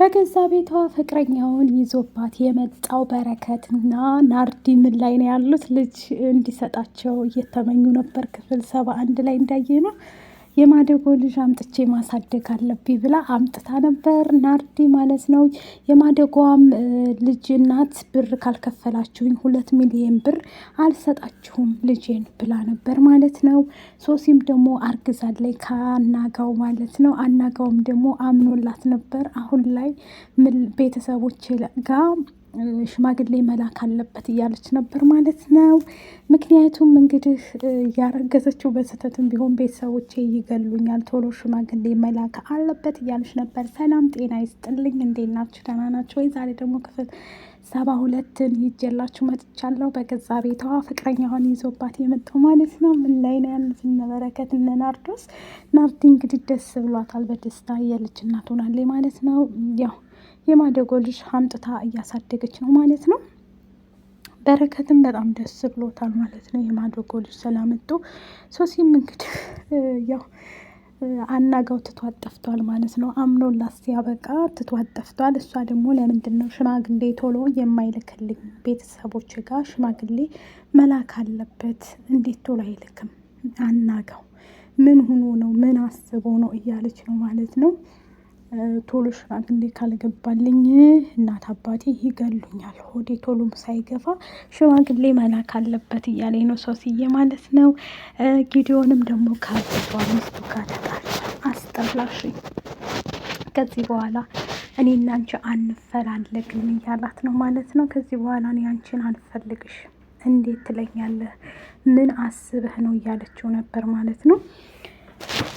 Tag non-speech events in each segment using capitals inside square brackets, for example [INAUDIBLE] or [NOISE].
በገዛ ቤቷ ፍቅረኛውን ይዞባት የመጣው በረከትና ናርዲ ምን ላይ ነው ያሉት? ልጅ እንዲሰጣቸው እየተመኙ ነበር። ክፍል ሰባ አንድ ላይ እንዳየ ነው። የማደጎ ልጅ አምጥቼ ማሳደግ አለብኝ ብላ አምጥታ ነበር ናርዲ ማለት ነው። የማደጓም ልጅ እናት ብር ካልከፈላችሁኝ ሁለት ሚሊዮን ብር አልሰጣችሁም ልጄን ብላ ነበር ማለት ነው። ሶሲም ደግሞ አርግዛለይ ከአናጋው ማለት ነው። አናጋውም ደግሞ አምኖላት ነበር። አሁን ላይ ቤተሰቦች ጋር ሽማግሌ መላክ አለበት እያለች ነበር ማለት ነው። ምክንያቱም እንግዲህ ያረገዘችው በስህተትም ቢሆን ቤተሰቦቼ ይገሉኛል፣ ቶሎ ሽማግሌ መላክ አለበት እያለች ነበር። ሰላም ጤና ይስጥልኝ፣ እንዴት ናችሁ? ደህና ናችሁ ወይ? ዛሬ ደግሞ ክፍል ሰባ ሁለትን ይጀላችሁ መጥቻለሁ። በገዛ ቤቷ ፍቅረኛዋን ይዞባት የመጣው ማለት ነው። ምን ላይ ነው ያሉት እነ በረከት እነ ናርዶስ። ናርዲ እንግዲህ ደስ ብሏታል፣ በደስታ የልጅ እናት ሆናለች ማለት ነው ያው የማደጎ ልጅ አምጥታ እያሳደገች ነው ማለት ነው። በረከትም በጣም ደስ ብሎታል ማለት ነው። የማደጎ ልጅ ስላመጡ ሶሲም እንግዲህ [LAUGHS] ያው አናጋው ትቷት ጠፍቷል ማለት ነው። አምኖላት ሲያበቃ ትቷት ጠፍቷል። እሷ ደግሞ ለምንድን ነው ሽማግሌ ቶሎ የማይልክልኝ? ቤተሰቦች ጋር ሽማግሌ መላክ አለበት፣ እንዴት ቶሎ አይልክም? አናጋው ምን ሆኖ ነው? ምን አስቦ ነው? እያለች ነው ማለት ነው። ቶሎ ሽማግሌ ካልገባልኝ እናት አባቴ ይገሉኛል፣ ሆዴ ቶሎም ሳይገፋ ሽማግሌ መላክ አለበት እያለ ነው ሶስዬ ማለት ነው። ጊዲዮንም ደግሞ ከአባቷ ሚስቱ ጋር ተጣላ። አስጠላሽ፣ ከዚህ በኋላ እኔ እናንቺ አንፈላለግም እያላት ነው ማለት ነው። ከዚህ በኋላ እኔ አንቺን አንፈልግሽ እንዴት ትለኛለህ? ምን አስበህ ነው እያለችው ነበር ማለት ነው።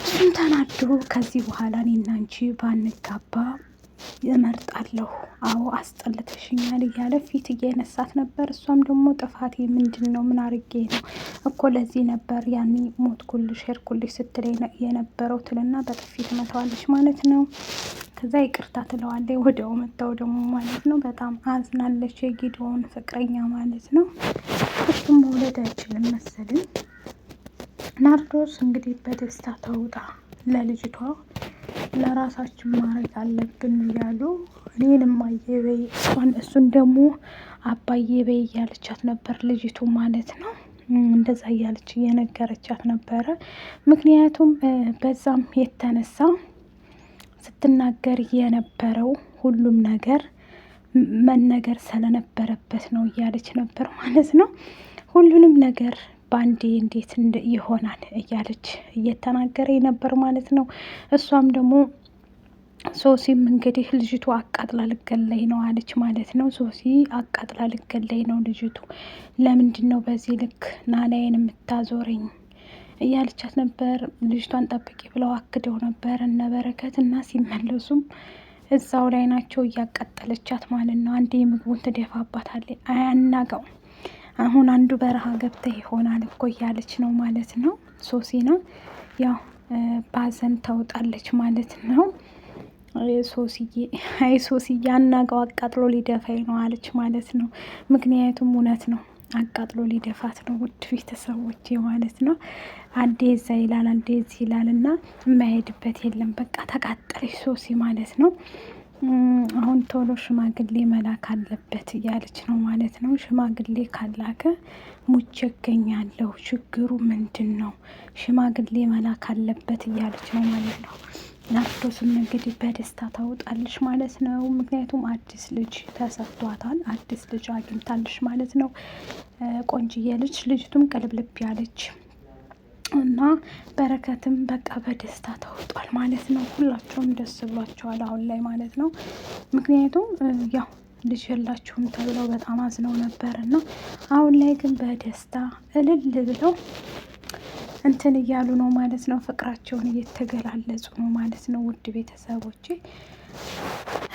እሱም ተናዶ ከዚህ በኋላ እኔና አንቺ ባንጋባ እመርጣለሁ፣ አዎ አስጠልተሽኛል እያለ ፊት እየነሳት ነበር። እሷም ደግሞ ጥፋቴ ምንድን ነው? ምን አርጌ ነው እኮ ለዚህ ነበር ያኔ ሞትኩልሽ፣ ሄድኩልሽ ስትል የነበረው ትልና በጥፊ ትመታዋለች ማለት ነው። ከዛ ይቅርታ ትለዋለች። ወደው መታው ደግሞ ማለት ነው። በጣም አዝናለች። የጊድዮን ፍቅረኛ ማለት ነው። እሱም መውለድ አይችልም መሰልን ናርዶስ እንግዲህ በደስታ ተውጣ ለልጅቷ ለራሳችን ማድረግ አለብን እያሉ እኔንም አየ በይ እሷን እሱን ደግሞ አባዬ በይ እያለቻት ነበር ልጅቱ ማለት ነው። እንደዛ እያለች እየነገረቻት ነበረ። ምክንያቱም በዛም የተነሳ ስትናገር የነበረው ሁሉም ነገር መነገር ስለነበረበት ነው እያለች ነበር ማለት ነው። ሁሉንም ነገር ባንዴ እንዴት ይሆናል እያለች እየተናገረ ነበር ማለት ነው። እሷም ደግሞ ሶሲም እንግዲህ ልጅቱ አቃጥላ ልገለይ ነው አለች ማለት ነው። ሶሲ አቃጥላ ልገለይ ነው ልጅቱ፣ ለምንድን ነው በዚህ ልክ ናላዬን የምታዞረኝ እያለቻት ነበር። ልጅቷን ጠብቂ ብለው አክደው ነበር እነ በረከት እና ሲመለሱም እዛው ላይ ናቸው እያቃጠለቻት ማለት ነው። አንዴ ምግቡን ትደፋባታለች አያናጋው አሁን አንዱ በረሃ ገብተህ ይሆናል እኮ እያለች ነው ማለት ነው። ሶሲ ነው ያው ባዘን ታውጣለች ማለት ነው። ሶሲዬ አይ ሶሲዬ አናጋው አቃጥሎ ሊደፋኝ ነው አለች ማለት ነው። ምክንያቱም እውነት ነው አቃጥሎ ሊደፋት ነው። ውድ ቤተሰቦቼ ማለት ነው። አንዴ እዛ ይላል፣ አንዴ እዚህ ይላል እና የማይሄድበት የለም። በቃ ተቃጠለች ሶሲ ማለት ነው። አሁን ቶሎ ሽማግሌ መላክ አለበት እያለች ነው ማለት ነው። ሽማግሌ ካላከ ሙቼ እገኛለሁ። ችግሩ ምንድን ነው? ሽማግሌ መላክ አለበት እያለች ነው ማለት ነው። ናርዶስም እንግዲህ በደስታ ታውጣለች ማለት ነው። ምክንያቱም አዲስ ልጅ ተሰጥቷታል፣ አዲስ ልጅ አግኝታለች ማለት ነው። ቆንጅዬ ልጅ ልጅቱም ቅልብልብ ያለች እና በረከትም በቃ በደስታ ተውጧል ማለት ነው። ሁላቸውም ደስ ብሏቸዋል አሁን ላይ ማለት ነው። ምክንያቱም ያው ልጅ የላችሁም ተብለው በጣም አዝነው ነበር እና አሁን ላይ ግን በደስታ እልል ብለው እንትን እያሉ ነው ማለት ነው። ፍቅራቸውን እየተገላለጹ ነው ማለት ነው። ውድ ቤተሰቦቼ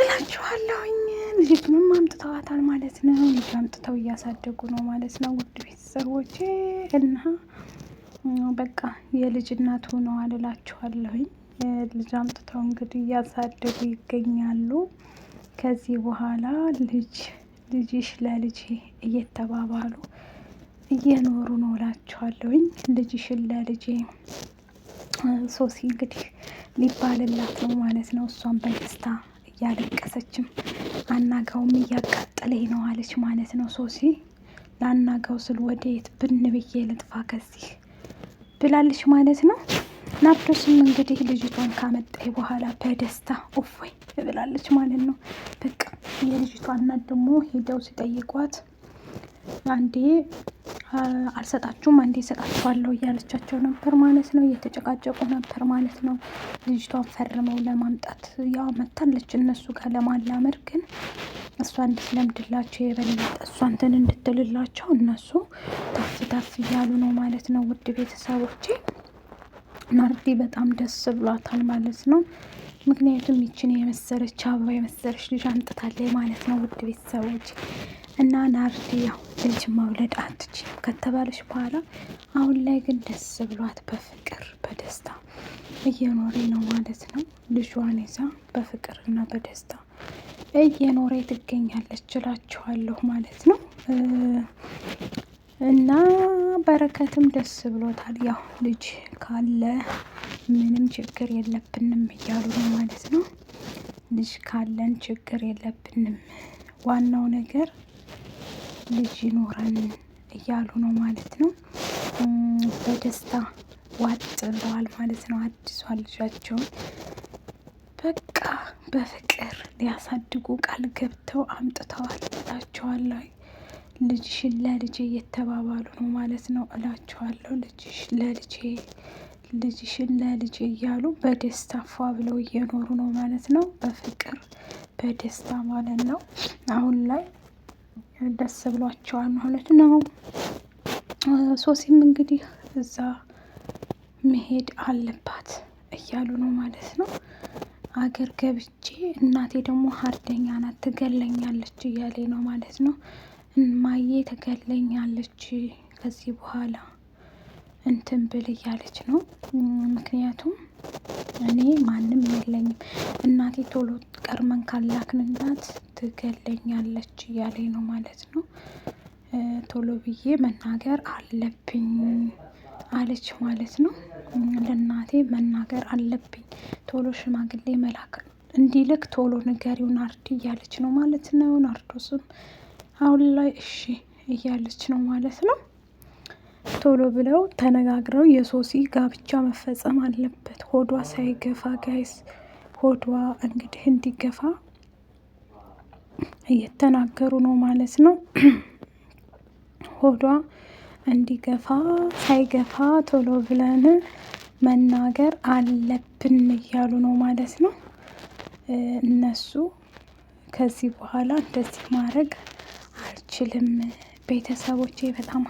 እላችኋለሁኝ ልጅቱንም አምጥተዋታል ማለት ነው። ልጅ አምጥተው እያሳደጉ ነው ማለት ነው። ውድ ቤተሰቦቼ እና በቃ የልጅ እናት ሆነዋል እላችኋለሁኝ። ልጅ አምጥተው እንግዲህ እያሳደጉ ይገኛሉ። ከዚህ በኋላ ልጅ ልጅሽ ለልጅ እየተባባሉ እየኖሩ ነው እላችኋለሁኝ። ልጅሽን ለልጅ ሶሲ እንግዲህ ሊባልላት ነው ማለት ነው። እሷን በደስታ እያለቀሰችም አናጋውም እያቃጠለኝ ነው አለች ማለት ነው። ሶሲ ለአናጋው ስል ወደየት የት ብን ብዬ ልጥፋ ከዚህ ብላለች ማለት ነው። ናርዶስም እንግዲህ ልጅቷን ካመጣ በኋላ በደስታ እፎይ ብላለች ማለት ነው። በቃ የልጅቷ እናት ደግሞ ሄደው ሲጠይቋት አንዴ አልሰጣችሁም አንዴ እሰጣችኋለሁ እያለቻቸው ነበር ማለት ነው። እየተጨቃጨቁ ነበር ማለት ነው። ልጅቷን ፈርመው ለማምጣት ያው መታለች እነሱ ጋር ለማላመድ ግን እሷ እንድትለምድላቸው የበለጠ እሷ እንትን እንድትልላቸው እነሱ ታፍ ታፍ እያሉ ነው ማለት ነው። ውድ ቤተሰቦቼ ናርዲ በጣም ደስ ብሏታል ማለት ነው። ምክንያቱም ይችን የመሰለች አበባ የመሰለች ልጅ አንጥታለች ማለት ነው። ውድ ቤተሰቦች እና ናርዲ ያው ልጅ መውለድ አትችልም ከተባለች በኋላ አሁን ላይ ግን ደስ ብሏት በፍቅር በደስታ እየኖሬ ነው ማለት ነው። ልጇን ይዛ በፍቅርና በደስታ እየኖረ ትገኛለች እላችኋለሁ ማለት ነው። እና በረከትም ደስ ብሎታል። ያው ልጅ ካለ ምንም ችግር የለብንም እያሉ ነው ማለት ነው። ልጅ ካለን ችግር የለብንም፣ ዋናው ነገር ልጅ ይኖረን እያሉ ነው ማለት ነው። በደስታ ዋጥ ብለዋል ማለት ነው። አዲሷ ልጃቸውን በፍቅር ሊያሳድጉ ቃል ገብተው አምጥተዋል እላቸዋለሁ። ልጅሽን ለልጄ እየተባባሉ ነው ማለት ነው እላቸዋለሁ። ልጅሽ ለልጄ ልጅሽን ለልጄ እያሉ በደስታ ፏ ብለው እየኖሩ ነው ማለት ነው። በፍቅር በደስታ ማለት ነው። አሁን ላይ ደስ ብሏቸዋል ማለት ነው። ሶሲም እንግዲህ እዛ መሄድ አለባት እያሉ ነው ማለት ነው። አገር ገብቼ እናቴ ደግሞ ሀርደኛ ናት ትገለኛለች እያለ ነው ማለት ነው። እማዬ ትገለኛለች ከዚህ በኋላ እንትን ብል እያለች ነው። ምክንያቱም እኔ ማንም የለኝም እናቴ ቶሎ ቀርመን ካላክንናት ትገለኛለች እያለ ነው ማለት ነው። ቶሎ ብዬ መናገር አለብኝ አለች ማለት ነው። ለእናቴ መናገር አለብኝ ቶሎ ሽማግሌ መላክ እንዲልክ ቶሎ ንገሪው ናርዲ እያለች ነው ማለት ነው። ናርዶስም አሁን ላይ እሺ እያለች ነው ማለት ነው። ቶሎ ብለው ተነጋግረው የሶሲ ጋብቻ መፈጸም አለበት። ሆዷ ሳይገፋ ጋይስ፣ ሆዷ እንግዲህ እንዲገፋ እየተናገሩ ነው ማለት ነው። [CLEARS THROAT] ሆዷ እንዲገፋ ሳይገፋ ቶሎ ብለን መናገር አለብን እያሉ ነው ማለት ነው። እነሱ ከዚህ በኋላ እንደዚህ ማድረግ አልችልም። ቤተሰቦቼ በጣም